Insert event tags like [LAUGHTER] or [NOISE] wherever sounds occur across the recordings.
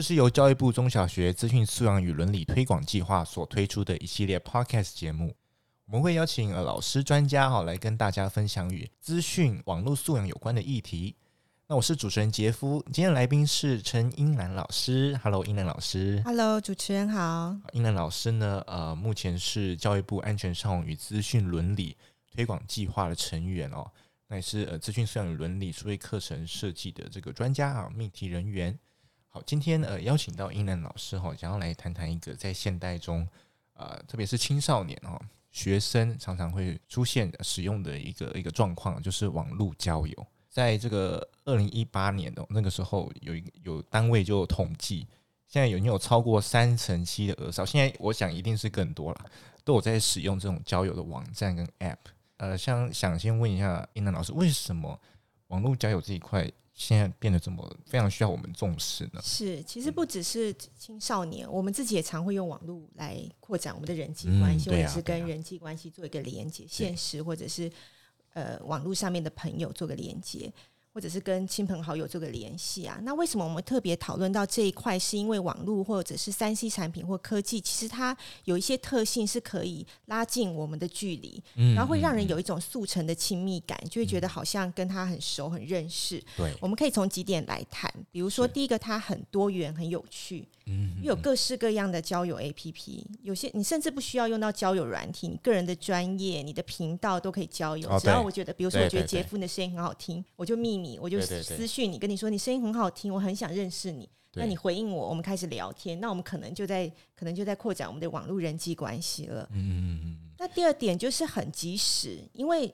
這是由教育部中小學資訊素養與倫理推廣計劃所推出的一系列 podcast 節目，我們會邀請呃老師專家哈來跟大家分享與資訊網絡素養有關的議題。那我是主持人杰夫，今天的來賓是陳茵嵐老師。Hello，茵嵐老師。Hello，主持人好。茵嵐老師呢，呃，目前是教育部安全上網與資訊倫理推廣計劃的成員哦，那也是呃資訊素養與倫理數位課程設計的這個專家啊、命題人員。好，今天呃，邀請到茵嵐老師哈，想要來談談一個在現代中，呃，特別是青少年哦，學生常常會出現使用的一個一個狀況，就是網絡交友。在這個二零一八年的那個時候有，有一有單位就統計，現在有有超過三成七的兒少，現在我想一定是更多了，都有在使用這種交友的網站跟 App。呃，想想先問一下茵嵐老師，為什麼網絡交友這一塊？現在變得這麼非常需要我們重視呢？是，其實不只是青少年，嗯，我們自己也常會用網絡來擴展我們的人際關係，嗯對啊對啊，或者是跟人際關係做一個連接，現實或者是呃網絡上面的朋友做個連接。或者是跟親朋好友做個聯繫啊，那為什麼我們特別討論到這一塊？是因為網絡或者是三 C 產品或科技，其實它有一些特性是可以拉近我們的距離，嗯，然後會讓人有一種速成的親密感，就會覺得好像跟他很熟、很認識。對，嗯，我們可以從幾點來談，比如說第一個，它很多元、很有趣，又有各式各樣的交友 APP，有些你甚至不需要用到交友軟體，你個人的專業、你的頻道都可以交友。只要我覺得，比如說我覺得杰夫你的聲音很好聽，我就秘密。你我就私訊你對對對，跟你說你聲音很好聽，我很想認識你。那你回應我，我們開始聊天。那我們可能就在可能就在擴展我們的網絡人際關係了。嗯。那第二點就是很及時，因為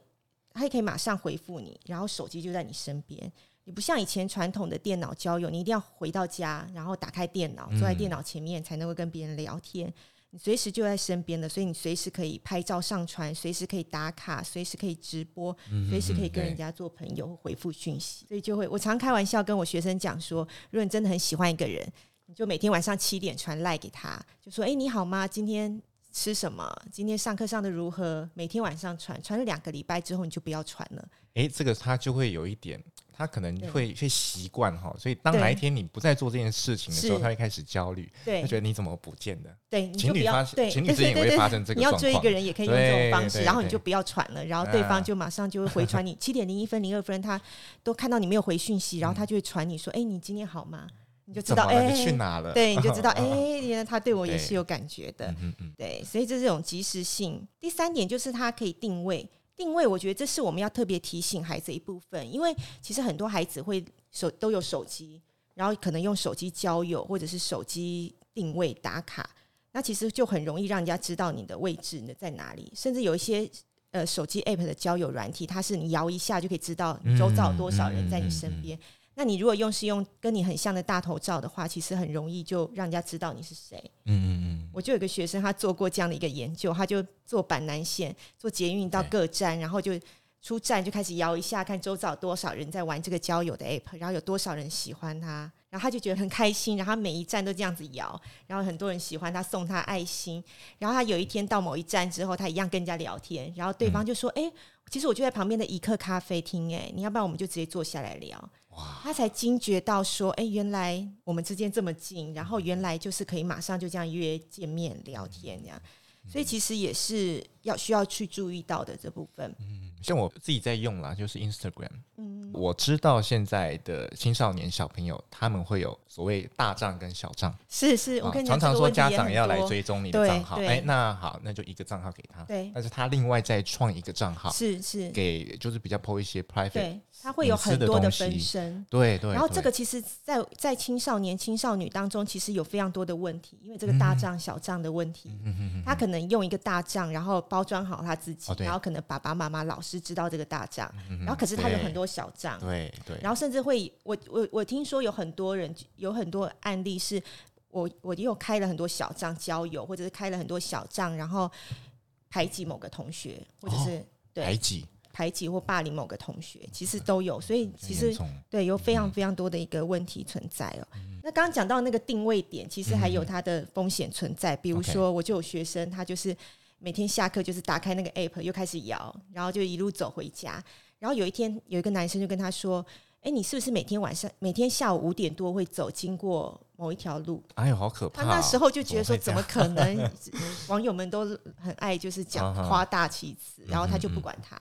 他也可以馬上回復你，然後手機就在你身邊，你不像以前傳統的電腦交友，你一定要回到家，然後打開電腦，坐在電腦前面才能夠跟別人聊天。嗯隨時就在身邊的，所以你隨時可以拍照上傳，隨時可以打卡，隨時可以直播，隨時可以跟人家做朋友回復訊息。嗯嗯、所以就會，我常開玩笑跟我學生講說，如果你真的很喜歡一個人，你就每天晚上七點傳賴給他，就說：“誒，你好嗎？今天吃什麼？今天上課上的如何？”每天晚上傳，傳了兩個禮拜之後，你就不要傳了。誒，這個他就會有一點。他可能會去習慣哈，所以當哪一天你不再做這件事情的時候，他會開始焦慮，他覺得你怎麼不見了？情侶發，對對對對對，情侶之間也會發生這個對對對，你要追一個人也可以用這種方式，對對對，然後你就不要傳了對對對，然後對方就馬上就會回傳你對對對，七點零一分零二分，他都看到你沒有回訊息、嗯，然後他就會傳你說、嗯：“哎，你今天好嗎？”你就知道哎，你去哪了？對，你就知道、哦、哎，原來他對我也是有感覺的。對，嗯嗯對，所以是這是種即時性。第三點就是他可以定位。定位，我覺得這是我們要特別提醒孩子的一部分，因為其實很多孩子會手都有手機，然後可能用手機交友或者是手機定位打卡，那其實就很容易讓人家知道你的位置呢在哪裡，甚至有一些呃手機 APP 的交友軟體，它是你搖一下就可以知道你周遭有多少人在你身邊。嗯嗯嗯嗯嗯嗯那你如果用是用跟你很像的大頭照的話，其實很容易就讓人家知道你是誰。嗯嗯嗯。我就有個學生，他做過這樣的一個研究，他就坐板南線，坐捷運到各站，然後就出站就開始搖一下，看周遭多少人在玩這個交友的 app，然後有多少人喜歡他，然後他就覺得很開心，然後他每一站都這樣子搖，然後很多人喜歡他，送他愛心，然後他有一天到某一站之後，他一樣跟人家聊天，然後對方就說：“哎、嗯欸，其實我就在旁邊的怡客咖啡廳，誒，你要不然我們就直接坐下來聊？”哇，他才驚覺到說：“哎、欸，原來我們之間這麼近，然後原來就是可以馬上就這樣約見面聊天這樣，嗯、所以其實也是要需要去注意到的這部分。”嗯，像我自己在用啦，就是 Instagram。嗯。我知道現在的青少年小朋友，他們會有所謂大賬跟小賬，是是，我跟你講、哦、常常說家長也也要來追蹤你的賬號，哎，那好，那就一個賬號給他，對，但是他另外再創一個賬號，是是，給就是比較 po 一些 private，對他會有很多的分身，對對。然後這個其實在，在在青少年、青少女當中，其實有非常多的問題，因為這個大賬、嗯、小賬的問題，嗯嗯他可能用一個大賬，然後包裝好他自己，哦、對然後可能爸爸媽媽、老師知道這個大賬、嗯，然後可是他有很多小賬。對對，然後甚至會，我我我聽說有很多人，有很多案例是，我我也有開了很多小賬交友，或者是開了很多小賬，然後排擠某個同學，或者是、哦、對排擠排擠或霸凌某個同學，其實都有，所以其實對有非常非常多的一個問題存在哦嗯嗯。那剛剛講到那個定位點，其實還有它的風險存在嗯嗯，比如說我就有學生，他就是每天下課就是打開那個 app 又開始搖，然後就一路走回家。然後有一天，有一個男生就跟他說：“哎，你是不是每天晚上、每天下午五點多會走經過某一條路？”哎呦，好可怕哦！他那時候就覺得說，怎麼可能？ [LAUGHS] 網友們都很愛就是講誇大其詞， [LAUGHS] 然後他就不管他。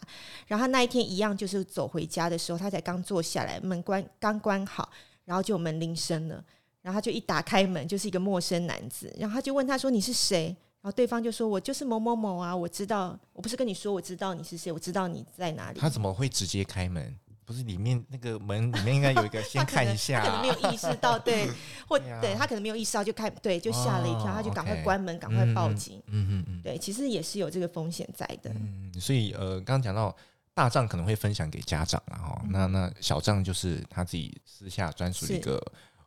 然後他那一天一樣，就是走回家的時候，他才剛坐下來，門關剛關好，然後就有門鈴聲了。然後他就一打開門，就是一個陌生男子，然後他就問他說：“你是誰？”然、啊、後對方就說：“我就是某某某啊，我知道，我不是跟你說，我知道你是誰，我知道你在哪裡。”他怎麼會直接開門？不是裡面那個門裡面應該有一個先看一下、啊， [LAUGHS] 他可能沒有意識到對，或對他可能沒有意識到，對 [LAUGHS] 對、啊、對意識到就開，對就嚇了一跳、哦，他就趕快關門，哦 okay 嗯、趕快報警。嗯嗯嗯，對，其實也是有這個風險在的。嗯，所以呃，剛剛講到大賬可能會分享給家長了、啊、哈、嗯，那那小賬就是他自己私下專屬一個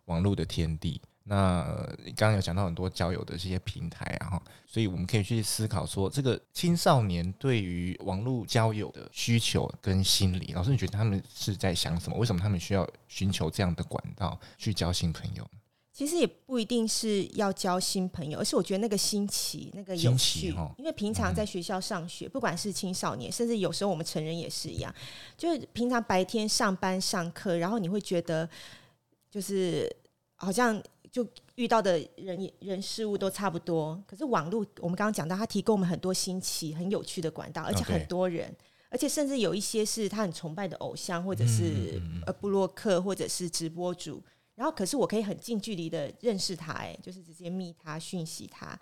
網路的天地。那剛剛有講到很多交友的這些平台，然後，所以我們可以去思考說，這個青少年對於網絡交友的需求跟心理，老師你覺得他們是在想什麼？為什麼他們需要尋求這樣的管道去交新朋友？其實也不一定是要交新朋友，而是我覺得那個新奇，那個有趣，哦。因為平常在學校上學，嗯，不管是青少年，甚至有時候我們成人也是一樣，就是平常白天上班上課，然後你會覺得，就是好像。就遇到的人人事物都差不多，可是網路我們剛剛講到，它提供我們很多新奇、很有趣的管道，而且很多人，oh, 而且甚至有一些是他很崇拜的偶像，或者是呃部落客，或者是直播主。然後，可是我可以很近距離的認識他，哎，就是直接密他訊息他。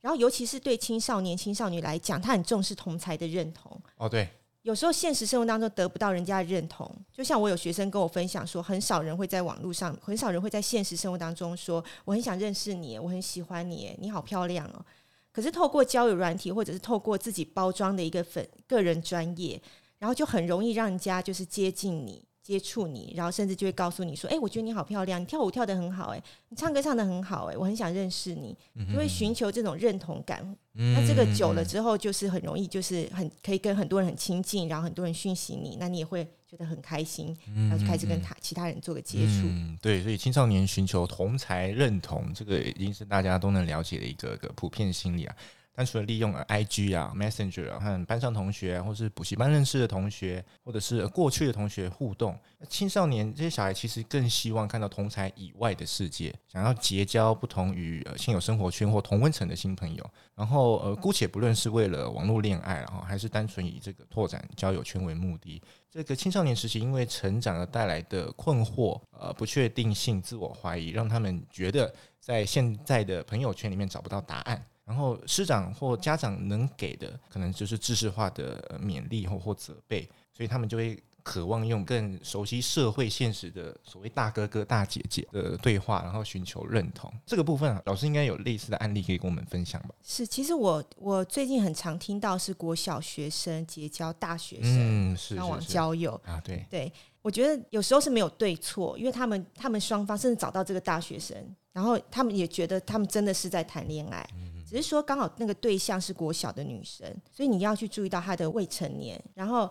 然後，尤其是對青少年、青少女來講，他很重視同儕的認同。哦、oh，對。有時候現實生活當中得不到人家的認同，就像我有學生跟我分享說，很少人會在網絡上，很少人會在現實生活當中說我很想認識你，我很喜歡你，你好漂亮哦。可是透過交友軟體或者是透過自己包裝的一個粉個人專業，然後就很容易讓人家就是接近你。接觸你，然後甚至就會告訴你說：“哎、欸，我覺得你好漂亮，你跳舞跳得很好，欸，誒，你唱歌唱得很好，欸，誒，我很想認識你，就會尋求這種認同感。嗯、那這個久了之後，就是很容易，就是很可以跟很多人很親近，然後很多人訊息你，那你也會覺得很開心，嗯、然後就開始跟他其他人做個接觸、嗯。對，所以青少年尋求同儕認同，這個已經是大家都能了解的一個一個普遍心理啊。”單純的利用啊，IG 啊，Messenger 啊，和班上同學，或是補習班認識的同學，或者是過去的同學互動。青少年這些小孩其實更希望看到同儕以外的世界，想要結交不同於呃現有生活圈或同溫層的新朋友。然後呃，姑且不論是為了網絡戀愛，然後還是單純以這個拓展交友圈為目的。這個青少年時期因為成長而帶來的困惑、呃不確定性、自我懷疑，讓他們覺得在現在的朋友圈裡面找不到答案。然後師長或家長能給的，可能就是知識化的勉勵或或責備，所以他們就會渴望用更熟悉社會現實的所謂大哥哥大姐姐的對話，然後尋求認同。這個部分，啊，老師應該有類似的案例可以跟我們分享吧？是，其實我我最近很常聽到是國小學生結交大學生，上網交友，嗯，是是是是啊，對對，我覺得有時候是沒有對錯，因為他們他們雙方甚至找到這個大學生，然後他們也覺得他們真的是在談戀愛。嗯只是說剛好那個對象是國小的女生，所以你要去注意到她的未成年。然後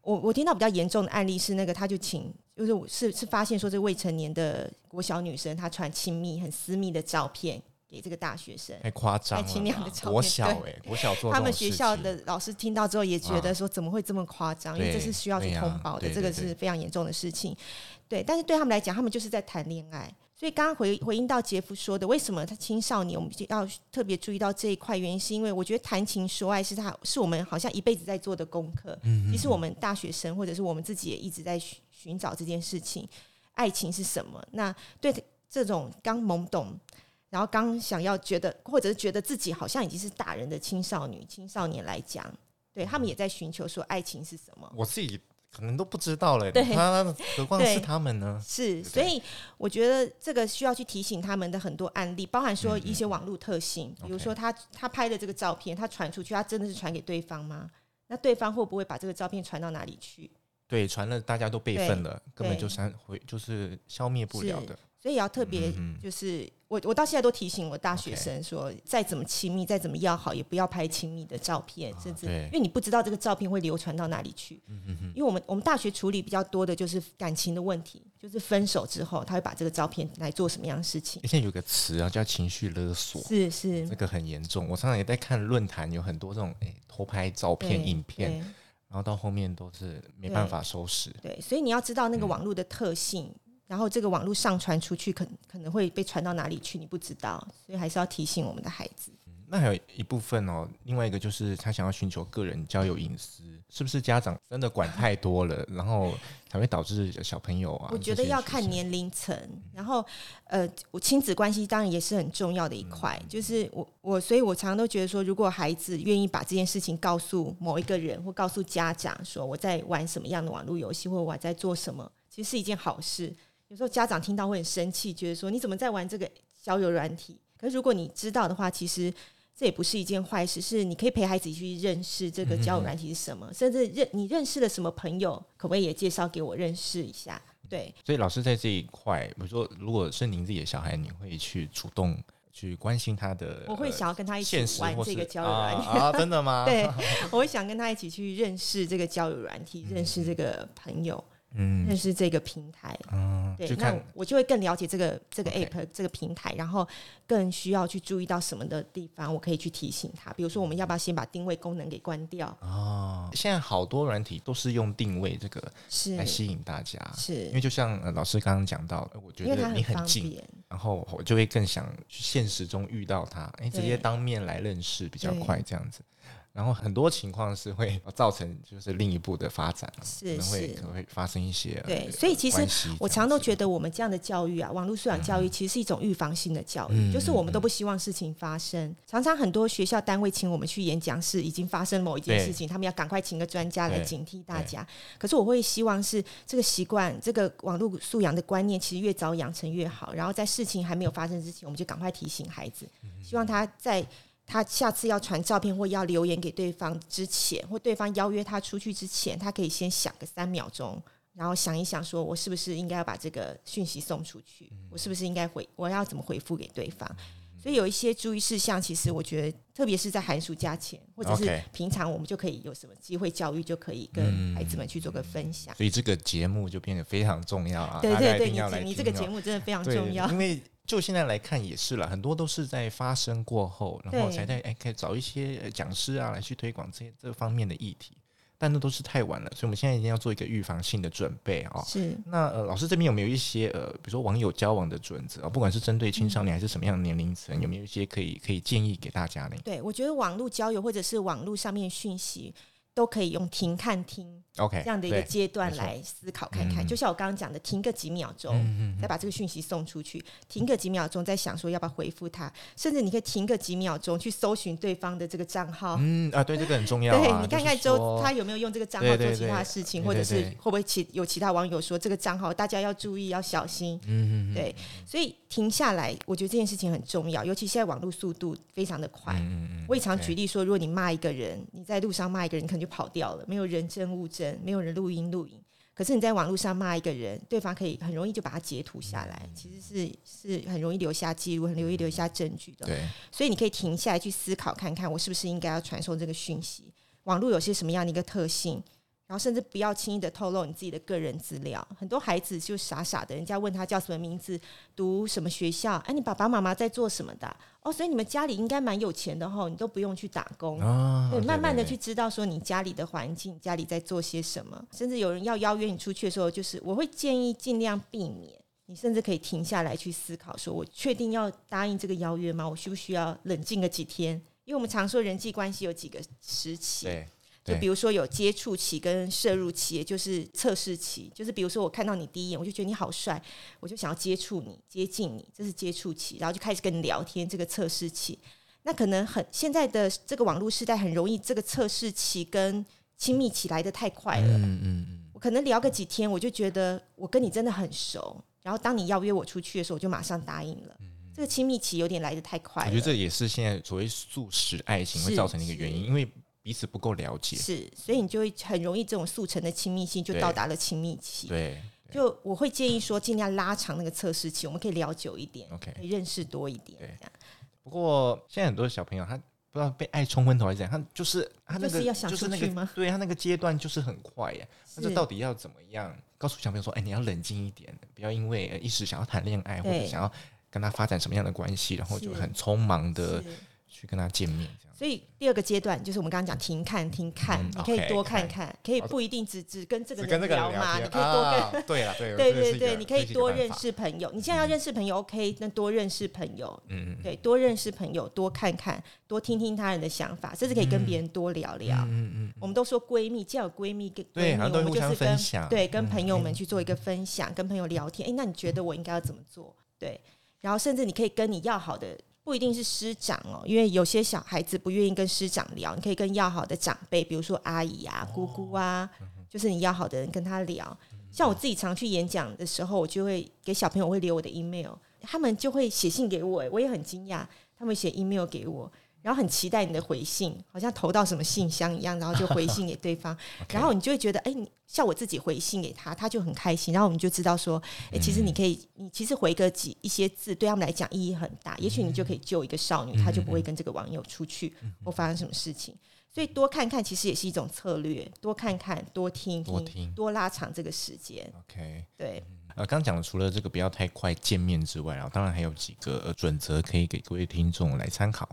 我我聽到比較嚴重的案例是那個，他就請就是是是發現說，這未成年的國小女生，她傳親密很私密的照片給這個大學生，太誇張了，太奇妙的照片，國小、欸、國小做這種事情 [LAUGHS] 他們學校的老師聽到之後也覺得說，怎麼會這麼誇張？啊、對，因為這是需要去通報的，啊對對對對，這個是非常嚴重的事情。對，但是對他們來講，他們就是在談戀愛。所以剛剛回回應到杰夫說的，為什麼他青少年我們就要特別注意到這一塊？原因是因為我覺得談情說愛是他是我們好像一輩子在做的功課。其實我們大學生或者是我們自己也一直在尋尋找這件事情，愛情是什麼？那對這種剛懵懂，然後剛想要覺得，或者是覺得自己好像已經是大人的青少女，青少年來講，對他們也在尋求說愛情是什麼？我自己。可能都不知道嘞，他何況是他們呢？是，所以我覺得這個需要去提醒他們的很多案例，包含說一些網絡特性，嗯、比如說他、okay、他拍的這個照片，他傳出去，他真的是傳給對方嗎？那對方會不會把這個照片傳到哪裡去？對，傳了，大家都備份了，根本就刪會就是消滅不了的，所以要特別就是。嗯嗯我我到現在都提醒我大學生說，okay. 再怎麼親密，再怎麼要好，也不要拍親密的照片，甚至，啊，因為你不知道這個照片會流傳到哪裡去。嗯嗯嗯。因為我們我們大學處理比較多的就是感情的問題，就是分手之後他會把這個照片來做什麼樣的事情？現在有個詞啊叫情緒勒索，是是，這個很嚴重。我常常也在看論壇，有很多這種哎、欸、偷拍照片、影片，然後到後面都是沒辦法收拾。對，對所以你要知道那個網絡的特性。嗯然後這個網絡上傳出去，可可能會被傳到哪裡去，你不知道，所以還是要提醒我們的孩子。那還有一部分哦，另外一個就是他想要尋求個人交友隱私，是不是家長真的管太多了？ [LAUGHS] 然後才會導致小朋友啊。我覺得要看年齡層。然後呃，我親子關係當然也是很重要的一塊，嗯、就是我我，所以我常常都覺得說，如果孩子願意把這件事情告訴某一個人或告訴家長，說我在玩什麼樣的網絡遊戲或我在做什麼，其實是一件好事。有時候家長聽到會很生氣，覺得說你怎麼在玩這個交友軟體？可是如果你知道的話，其實這也不是一件壞事，是你可以陪孩子去認識這個交友軟體是什麼，嗯、甚至認你認識了什麼朋友，可不可以也介紹給我認識一下？對。所以老師在這一塊，比如說如果是您自己的小孩，你會去主動去關心他的。我會想要跟他一起玩這個交友軟體啊，啊？真的嗎？ [LAUGHS] 對，我會想跟他一起去認識這個交友軟體，嗯，認識這個朋友。嗯，認識這個平台，嗯，對，就看，那我就會更了解這個這個 app、okay. 這個平台，然後更需要去注意到什麼的地方，我可以去提醒他。比如說，我們要不要先把定位功能給關掉？嗯、哦，現在好多軟體都是用定位這個是來吸引大家，是，因為就像、呃、老師剛剛講到，我覺得離你很近，然後我就會更想去現實中遇到他，哎、欸，直接當面來認識比較快，這樣子。然後很多情況是會造成，就是另一步的發展，是可能會是可會發生一些對，對，所以其實我常都覺得我們這樣的教育啊，網絡素養教育其實是一種預防性的教育，嗯、就是我們都不希望事情發生、嗯。常常很多學校單位請我們去演講，是已經發生某一件事情，他們要趕快請個專家來警惕大家。可是我會希望是這個習慣，這個網絡素養的觀念，其實越早養成越好、嗯。然後在事情還沒有發生之前，我們就趕快提醒孩子，嗯、希望他在。他下次要傳照片或要留言給對方之前，或對方邀約他出去之前，他可以先想個三秒鐘，然後想一想，說我是不是應該要把這個訊息送出去？我是不是應該回？我要怎麼回覆給對方？所以有一些注意事項，其實我覺得，特別是在寒暑假前，或者是平常，我們就可以有什麼機會教育，就可以跟孩子們去做個分享、嗯嗯嗯。所以這個節目就變得非常重要啊！對對對，你、喔、你這個節目真的非常重要對，因為。就現在來看也是了，很多都是在發生過後，然後才在誒可以找一些講師啊來去推廣這些這方面的議題，但那都是太晚了，所以我們現在一定要做一個預防性的準備啊、喔。是，那、呃、老師這邊有沒有一些呃，比如說網友交往的準則啊、喔，不管是針對青少年還是什麼樣的年齡層、嗯，有沒有一些可以可以建議給大家呢？對，我覺得網絡交友或者是網絡上面訊息，都可以用停看聽。OK，這樣的一個階段來思考看看、嗯，就像我剛剛講的，停個幾秒鐘、嗯，再把這個訊息送出去，停個幾秒鐘，再想說要不要回復他，甚至你可以停個幾秒鐘去搜尋對方的這個賬號。嗯啊，對，這個很重要、啊。 [LAUGHS] 對，你看看之後、就是，他有沒有用這個賬號做其他事情對對對，或者是會不會其有其他網友說這個賬號大家要注意要小心。嗯哼哼對，所以停下來，我覺得這件事情很重要，尤其現在網絡速度非常的快。嗯我也常舉例說，Okay. 如果你罵一個人，你在路上罵一個人，你可能就跑掉了，沒有人證物證。沒有人錄音錄影，可是你在網絡上罵一個人，對方可以很容易就把它截圖下來，其實是是很容易留下記錄，很容易留下證據的。對，所以你可以停下來去思考，看看我是不是應該要傳送這個訊息。網絡有些什麼樣的一個特性？然後甚至不要輕易的透露你自己的個人資料。很多孩子就傻傻的，人家問他叫什麼名字，讀什麼學校，哎，你爸爸媽媽在做什麼的？哦，所以你們家裡應該蠻有錢的吼，哦，你都不用去打工。對，慢慢的去知道說你家裡的環境，家裡在做些什麼。甚至有人要邀約你出去的時候，就是我會建議盡量避免。你甚至可以停下來去思考，說我確定要答應這個邀約嗎？我需不需要冷靜個幾天？因為我們常說人際關係有幾個時期。對。就比如說有接觸期跟涉入期，也就是測試期，就是比如說我看到你第一眼我就覺得你好帥，我就想要接觸你接近你，這是接觸期，然後就開始跟你聊天，這個測試期。那可能很現在的這個網絡時代很容易，這個測試期跟親密期來得太快了。嗯嗯嗯。我可能聊個幾天，我就覺得我跟你真的很熟，然後當你邀約我出去的時候，我就馬上答應了。這個親密期有點來得太快了。我覺得這也是現在所謂速食愛情會造成的一個原因，因為。彼此不夠了解，是，所以你就會很容易這種速成的親密性就到達了親密期，對對。對，就我會建議說，盡量拉長那個測試期，我們可以聊久一點，OK，可以認識多一點。對啊，不過現在很多小朋友他不知道被愛衝昏頭還是怎樣，他就是他那個就是、那個就是要嗎，就是那個，對他那個階段就是很快呀、啊。那這到底要怎麼樣？告訴小朋友說，哎、欸，你要冷靜一點，不要因為一時想要談戀愛或者想要跟他發展什麼樣的關係，然後就很匆忙的。去跟他見面，所以第二個階段就是我們剛剛講停看、嗯、停看、嗯，你可以多看看，嗯、可以不一定只只跟，只跟這個人聊嘛、啊，你可以多跟對啊， [LAUGHS] 對對對，對,對你可以多認識朋友。你現在要認識朋友、嗯、，OK，那多認識朋友，嗯，對，多認識朋友，多看看，多聽聽他人的想法，嗯、甚至可以跟別人多聊聊。嗯嗯，嗯，我們都說閨蜜，既然有閨蜜跟對都，我們就是跟對跟朋友們去做一個分享，嗯、跟朋友聊天。哎、嗯嗯嗯欸，那你覺得我應該要怎麼做？對，然後甚至你可以跟你要好的。不一定是師長哦，因為有些小孩子不願意跟師長聊，你可以跟要好的長輩，比如說阿姨啊、姑姑啊，就是你要好的人跟他聊。像我自己常去演講的時候，我就會給小朋友會留我的 email，他們就會寫信給我，我也很驚訝，他們寫 email 給我。然後很期待你的回信，好像投到什麼信箱一樣，然後就回信給對方， [LAUGHS] okay. 然後你就會覺得，哎、欸，你像我自己回信給他，他就很開心，然後我們就知道說，哎、欸，其實你可以，你其實回個幾一些字，對他們來講意義很大，嗯、也許你就可以救一個少女，她、嗯、就不會跟這個網友出去、嗯，或發生什麼事情。所以多看看，其實也是一種策略，多看看，多聽聽，多聽，多拉長這個時間。OK，對，嗯、呃，剛剛講的除了這個不要太快見面之外，然後當然還有幾個準則可以給各位聽眾來參考。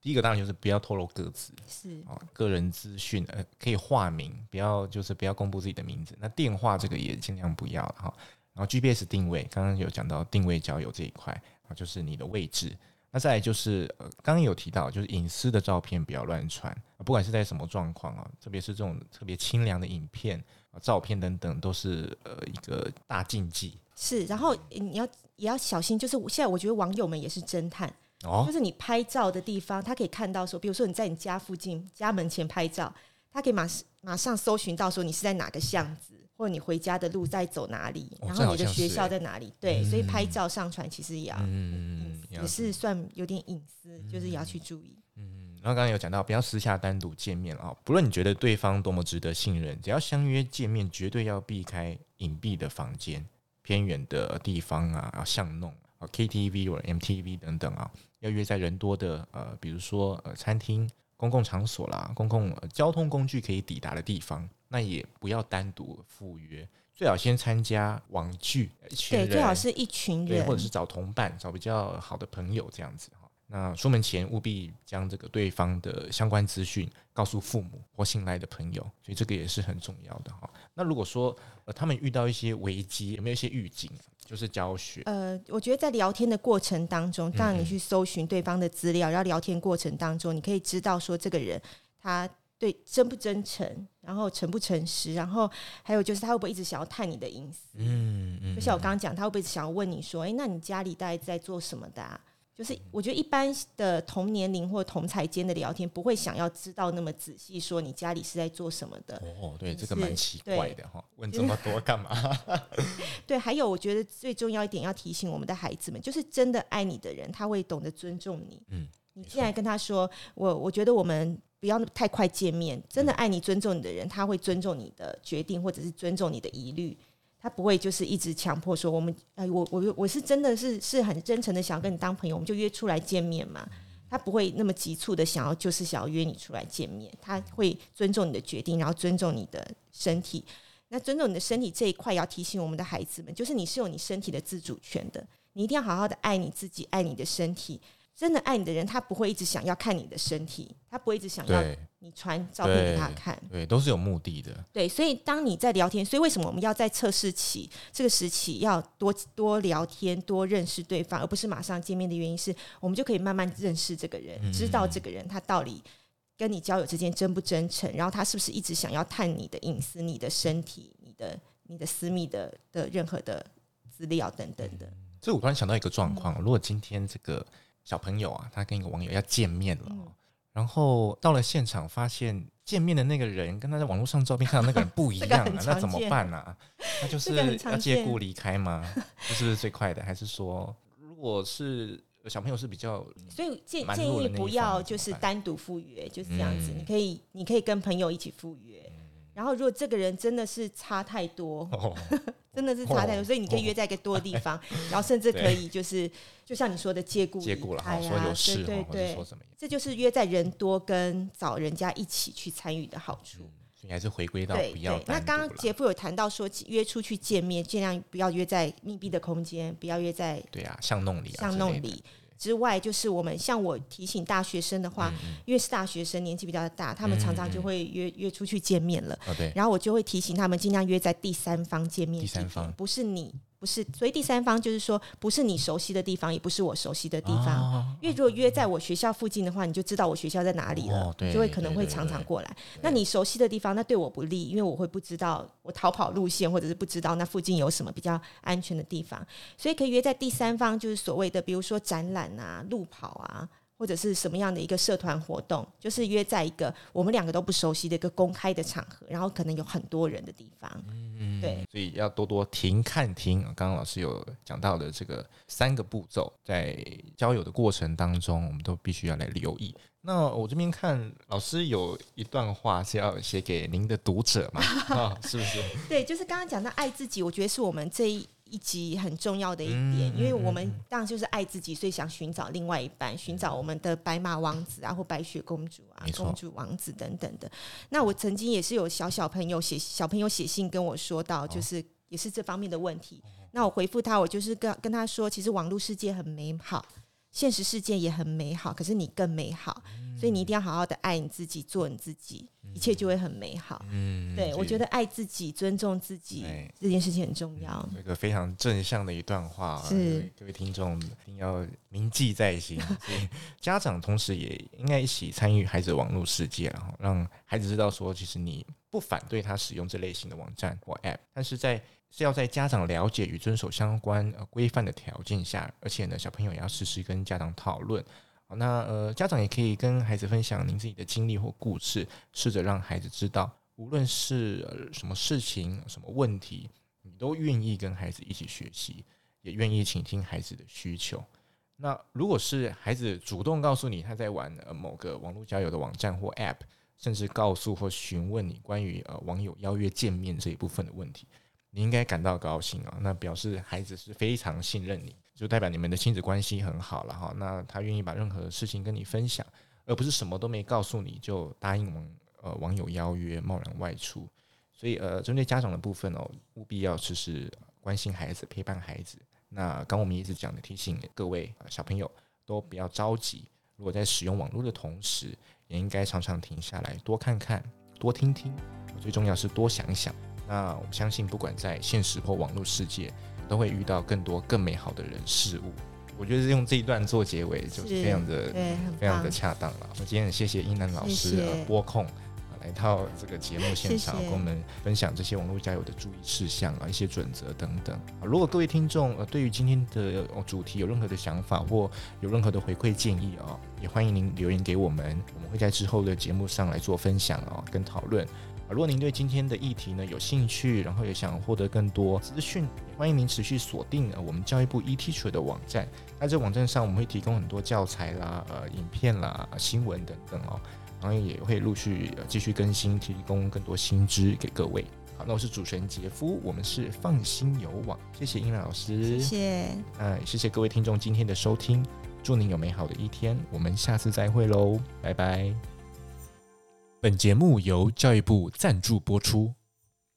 第一個當然就是不要透露個資是，啊、哦，個人資訊，呃，可以化名，不要就是不要公布自己的名字。那電話這個也盡量不要了哈、哦。然後 GPS 定位，剛剛有講到定位交友這一塊啊，就是你的位置。那再來就是剛剛、呃、有提到，就是隱私的照片不要亂傳、啊、不管是在什麼狀況啊，特別是這種特別清涼的影片啊、照片等等，都是呃一個大禁忌。是，然後你要也要小心，就是現在我覺得網友們也是偵探。哦、就是你拍照的地方，他可以看到說，比如說你在你家附近、家門前拍照，他可以馬馬上搜尋到說你是在哪個巷子，或者你回家的路在走哪裡，哦、然後你的學校在哪裡。對，嗯、所以拍照上傳其實也要、嗯，也要是算有點隱私、嗯，就是也要去注意。嗯，然後剛剛有講到，不要私下單獨見面啊、喔，不論你覺得對方多麼值得信任，只要相約見面，絕對要避開隱蔽的房間、偏遠的地方啊、巷弄啊、KTV 或 MTV 等等啊、喔。要約在人多的，呃，比如說呃餐廳、公共場所啦，公共、呃、交通工具可以抵達的地方，那也不要單獨赴約，最好先參加網聚一、呃、群人，對，最好是一群人，或者是找同伴，找比較好的朋友這樣子哈。那出門前務必將這個對方的相關資訊告訴父母或信賴的朋友，所以這個也是很重要的哈。那如果說、呃、他們遇到一些危機，有沒有一些預警？就是教學。呃，我覺得在聊天的過程當中，當你去搜尋對方的資料嗯嗯，然後聊天過程當中，你可以知道說這個人他對真不真誠，然後誠不誠實，然後還有就是他會不會一直想要探你的隱私？嗯，嗯嗯，就像我剛剛講，他會不會一直想要問你說，誒、欸，那你家裡大概在做什麼的、啊？就是我覺得一般的同年齡或同才間的聊天，不會想要知道那麼仔細，說你家裡是在做什麼的。哦，對，這個蠻奇怪的哈，問這麼多幹嘛？對，還有我覺得最重要一點要提醒我們的孩子們，就是真的愛你的人，他會懂得尊重你。嗯，你既然跟他說我，我覺得我們不要太快見面。真的愛你、尊重你的人，他會尊重你的決定，或者是尊重你的疑慮。他不會就是一直強迫說我們，哎，我我我是真的是是很真誠的想跟你當朋友，我們就約出來見面嘛。他不會那麼急促的想要就是想要約你出來見面，他會尊重你的決定，然後尊重你的身體。那尊重你的身體這一塊，也要提醒我們的孩子們，就是你是有你身體的自主權的，你一定要好好的愛你自己，愛你的身體。真的愛你的人，他不會一直想要看你的身體，他不會一直想要你傳照片給他看。對，對都是有目的的。對，所以當你在聊天，所以為什麼我們要在測試期這個時期要多多聊天，多認識對方，而不是馬上見面的原因是，我們就可以慢慢認識這個人，嗯，知道這個人他到底跟你交友之間真不真誠，然後他是不是一直想要探你的隱私、你的身體、你的、你的私密的的任何的資料等等的。所以，我突然想到一個狀況，嗯，如果今天這個。小朋友啊，他跟一個網友要見面了、喔嗯，然後到了現場發現見面的那個人跟他在網絡上照片看到那個人不一樣了、啊這個，那怎麼辦呢、啊？那、這個、就是要借故離開嗎？這是不是最快的？還是說，如果是小朋友是比較，所以建建議不要就是單獨赴約，就是這樣子，嗯、你可以你可以跟朋友一起赴約。然後，如果這個人真的是差太多，oh, oh, oh 真的是差太多，所以你可以約在一個多的地方， [LAUGHS] 然後甚至可以就是，oh, oh. [LAUGHS] 就像你說的借故借故了哈，哎，說有事對對對對，說這就是約在人多跟找人家一起去參與的好處。哦嗯，所以還是回歸到不要單獨了，對對。那剛剛杰夫有談到說，約出去見面，盡量不要約在密閉的空間，不要約在巷，對啊，巷弄裡，巷、啊、弄裡。之外，就是我們像我提醒大學生的話，越、嗯嗯、是大學生年紀比較大，他們常常就會約嗯嗯約出去見面了，哦。然後我就會提醒他們，盡量約在第三方見面，第三方不是你。不是，所以第三方就是說，不是你熟悉的地方，也不是我熟悉的地方啊。因為如果約在我學校附近的話，你就知道我學校在哪裡了，哦，就會可能會常常過來。對對對。那你熟悉的地方，那對我不利，因為我會不知道我逃跑路線，或者是不知道那附近有什麼比較安全的地方。所以可以約在第三方，就是所謂的，比如說展覽啊、路跑啊。或者是什麼樣的一個社團活動，就是約在一個我們兩個都不熟悉的一個公開的場合，然後可能有很多人的地方。嗯，對，所以要多多停、看、聽。剛剛老師有講到的這個三個步驟，在交友的過程當中，我們都必須要來留意。那我這邊看老師有一段話是要寫給您的讀者嘛？啊、 [LAUGHS] 哦，是不是？ [LAUGHS] 對，就是剛剛講到愛自己，我覺得是我們這一。以及很重要的一點、嗯，因為我們當然就是愛自己，嗯、所以想尋找另外一半、嗯，尋找我們的白馬王子啊，或白雪公主啊，公主王子等等的。那我曾經也是有小小朋友寫小朋友寫信跟我說到，就是也是這方面的問題。哦、那我回復他，我就是跟跟他說，其實網絡世界很美好。現實世界也很美好，可是你更美好，嗯，所以你一定要好好的愛你自己，做你自己，嗯、一切就會很美好。嗯，對，對，對我覺得愛自己，尊重自己這件事情很重要。有、嗯、一、這個非常正向的一段話，是對各位聽眾一定要銘記在心。對 [LAUGHS] 家長同時也應該一起參與孩子的網絡世界，然後讓孩子知道說，其實你不反對他使用這類型的網站或 App，但是在是要在家長了解與遵守相關呃規範的條件下，而且呢，小朋友也要時時跟家長討論。好，那呃，家長也可以跟孩子分享您自己的經歷或故事，試着讓孩子知道，無論是、呃、什麼事情、什麼問題，你都願意跟孩子一起學習，也願意傾聽孩子的需求。那如果是孩子主動告訴你他在玩呃某個網絡交友的網站或 App，甚至告訴或詢問你關於呃網友邀約見面這一部分的問題。你應該感到高興啊！那表示孩子是非常信任你，就代表你們的親子關係很好了哈。那他願意把任何事情跟你分享，而不是什麼都沒告訴你就答應我們呃網友邀約貿然外出。所以呃，針對家長的部分哦，務必要就是關心孩子、陪伴孩子。那剛我們一直講的，提醒各位小朋友都不要着急。如果在使用網絡的同時，也應該常常停下來，多看看、多聽聽，最重要是多想想。那我相信，不管在現實或網絡世界，都會遇到更多更美好的人事物。嗯、我覺得用這一段做結尾，就是非常的、嗯、非常的恰當了。我今天也謝謝茵嵐老師的、呃、播控、呃、來到這個節目現場謝謝，跟我們分享這些網絡交友的注意事項啊、呃、一些準則等等、呃。如果各位聽眾呃對於今天的、呃、主題有任何的想法或有任何的回饋建議啊、呃，也歡迎您留言給我們，我們會在之後的節目上來做分享啊、呃、跟討論。如果您對今天的議題呢有興趣，然後也想獲得更多資訊，也歡迎您持續鎖定、呃、我們教育部 eTeacher 的網站。那這網站上我們會提供很多教材啦、呃、影片啦、呃、新聞等等哦，然後也會陸續、呃、繼續更新，提供更多新知給各位。好，那我是主持人傑夫，我們是放心遊網，謝謝茵嵐老師，謝謝，謝謝各位聽眾今天的收聽，祝您有美好的一天，我們下次再會嘍，拜拜。本節目由教育部贊助播出。